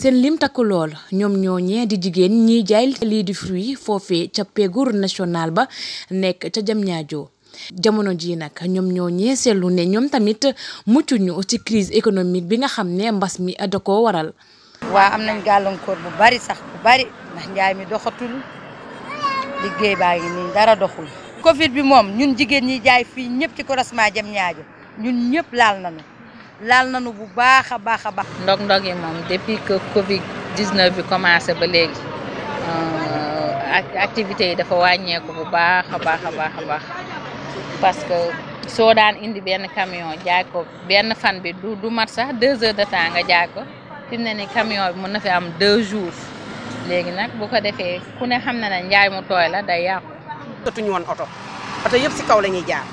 seen lim takku lool ñoom ñoo ñee di jigéen ñiy jaay lii di fruit foofee ca pégur national ba nekk ca jam ñaajoo jamono ji nag ñoom ñoo ñee seetlu ne ñoom tamit muccuñu ci crise économique bi nga xam ne mbas mi da ko waral waa am nañ gàllankoor bu bari sax bu bari ndax njaay mi doxatul liggéey baa ngi nii dara doxul covid bi moom ñun jigéen ñi jaay fii ñëpp ci croisement jam ñaajo ñun ñëpp laal na laal nañu bu baax a baax ndog-ndog yi moom depuis que Covid 19 bi commencé ba léegi euh, activité yi dafa wàññeeku bu baax a baax a baax a baax parce que soo daan indi benn camion jaay ko benn fan bi du du mat sax deux heures de temps nga jaay ko fi mu ne ni camion bi mën na fi am deux jours léegi nag bu ko defee ku ne xam na ne njaay mu tooy la day yàqu. jotuñu woon oto oto yëpp si kaw la ñuy jaar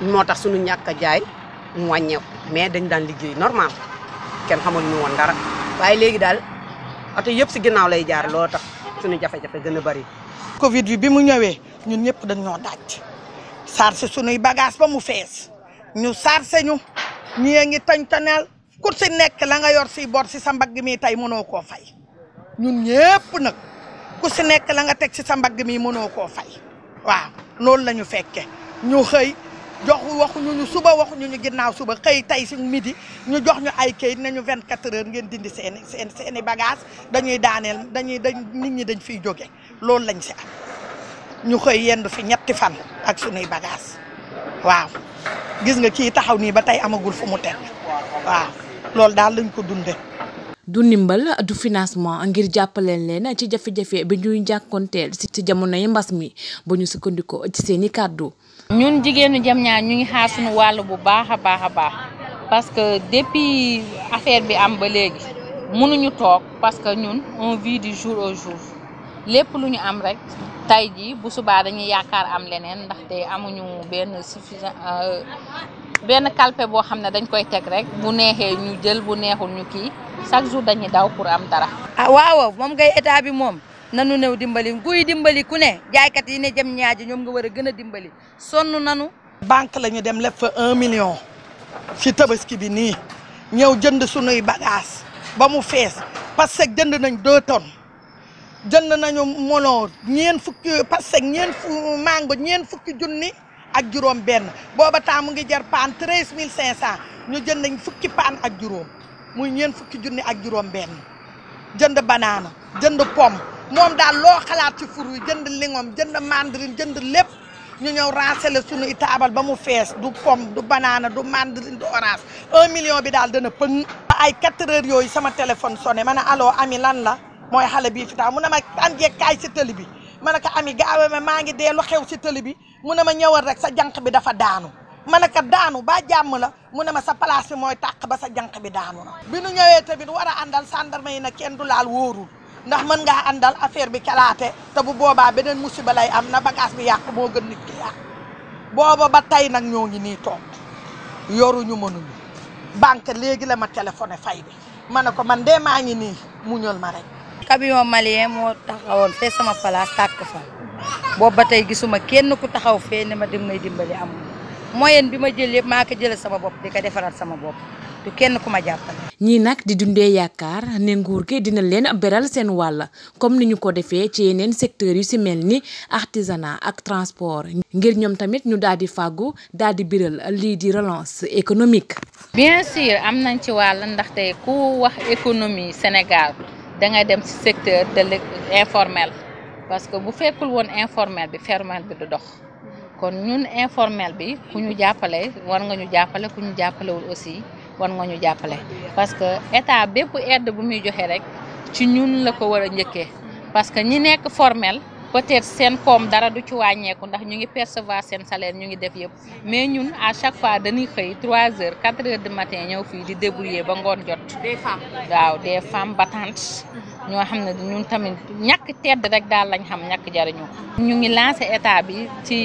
moo tax sunu ñàkk a jaay. mu mais dañ daan liggéey normal kenn xamul ñu woon dara waaye léegi daal oto yëpp si ginaaw lay jaar loo tax suñu jafe-jafe gën a bëri. Covid bi bi mu ñëwee ñun ñëpp dañ ñoo daaj sarse suñuy bagage ba mu fees ñu sarse ñu ñii a ngi tañtaneel ku si nekk la nga yor si bor si sa mbagg mi tey mënoo koo fay ñun ñëpp nag ku si nekk la nga teg si sa mbagg mi mënoo koo fay waaw loolu la ñu fekke ñu xëy. jox waxuñu ñu suba waxuñu ñu ginnaaw suba xëy tey si midi ñu jox ñu ay kayit nañu 24 heures ngeen dindi seen i seen seen i bagage dañuy daaneel dañuy dañ nit ñi dañ fiy jóge loolu lañ si am ñu xëy yendu fi ñetti fan ak suñuy bagage waaw gis nga kii taxaw nii ba tey amagul fu mu teg waaw loolu daal lañ ko dunde du ndimbal du financement ngir jàppaleen leen ci jafe-jafe bi ñuy jàkkoonteel ci jamono yi mbas mi ba ñu sukkandikoo ci seeni kàddu ñun jigéenu jam ñaar ñu ngi xaar suñu wàll bu baax a baax a baax parce que depuis affaire bi am ba léegi mënuñu toog parce que ñun on vit du jour au jour lépp lu ñu am rek tey jii bu subaa dañuy yaakaar am leneen ndaxte amuñu benn suffisant euh, benn kalpe boo xam ne dañ koy teg rek bu neexee ñu jël bu neexul ñu kii chaque jour dañuy daw pour am dara. ah waaw moom ngay état bi moom. nanu new dimbali guy dimbali ku ne jaaykat yi ne jëm ñaaji ñoom nga war a gën a dimbali sonn nanu banque la ñu dem leb fa un million ci tabaski bi nii ñëw jënd sunuy bagage ba mu fees parce que jënd nañ deux jënd nañu melon ñeen fukki parce que ñeen fu mango ñeen fukki junni ak juróom benn booba temps mu ngi jar paan treize mille cinq cent ñu jënd nañ fukki paan ak juróom muy ñeen fukki junni ak juróom benn jënd banaana jënd pomme moom daal loo xalaat ci fur jënd lingom jënd mandarine jënd lépp ñu ñëw sunu i taabal ba mu fees du pomme du banana du mandarine du orange un million bi daal dana pëng ba ay quatre heures yooyu sama téléphone sonné ma ne allo ami lan la mooy xale bii fi tax mu ne ma am kaay si tëli bi ma ka ko ami gaawe ma maa ngi dee xew si tëli bi mu ne ma ñëwal rek sa jànq bi dafa daanu ma ne ko daanu ba jàmm la mu ne ma sa place bi mooy tàq ba sa jànq bi daanu bi nu ñëwee tamit war a àndal gendarme yi na kenn du laal wóorul ndax mën ngaa àndal affaire bi kalaate te boobaa beneen musiba lay am na bagage bi yàq moo gën ki yàq booba ba tey nag ñoo ngi nii toog yoruñu mënuñu bank léegi la ma téléphoné fay bi ma ne ko man dee maa ngi nii muñal ma rek. camion malien moo taxawoon fee sama place tàkk fa boobu ba tey gisuma kenn ku taxaw fee ne ma dem may dimbali am moyen bi ma jël yëpp maa ko jëlee sama bopp di ko defaraat sama bopp. du kenn kuma jappal ñi nak di dundé yakar né nguur gi dina leen beral sen wàll comme niñu ko défé ci yenen secteur yu ci melni artisanat ak transport ngir ñom tamit ñu daal di fàggu daal di biral li di relance économique bien sûr am nañ ci ndax té ku wax économie Sénégal da nga dem ci secteur de informel parce que bu fekkul won informel bi fermel bi du dox kon ñun informel bi ku ñu jappalé war nga ñu jappalé ku ñu wul aussi war nga ñu jàppale parce que état bépp aide bu muy joxe rek ci ñun la ko war a njëkkee parce que ñi nekk formel peut-être seen koom dara du ci wàññeeku ndax ñu ngi percevoir seen salaire ñu ngi def yëpp mais ñun à chaque fois dañuy xëy 3 heures 4 heures de matin ñëw fii di débrouiller ba ngoon jot. des waaw des femmes battantes. ñoo xam ne ñun tamit ñàkk tedd rek daal lañ xam ñàkk jariñu ñu ngi lancé état bi ci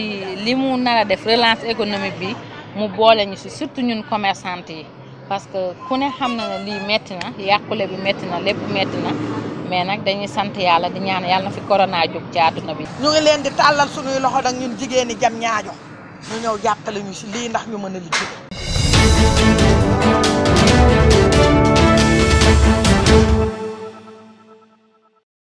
li mu nar def relance économique bi mu boole si surtout ñun commerçante yi. parce que ku ne xam na lii metti na yàqule bi metti na lépp metti na mais nag dañuy sant yàlla di ñaan yàlla na fi corona jóg ci àdduna bi. ñu ngi leen di tàllal suñuy loxo nag ñu jigéen ñi jam ñaajo ñu ñëw jàppale ñu si lii ndax ñu mën a liggéey.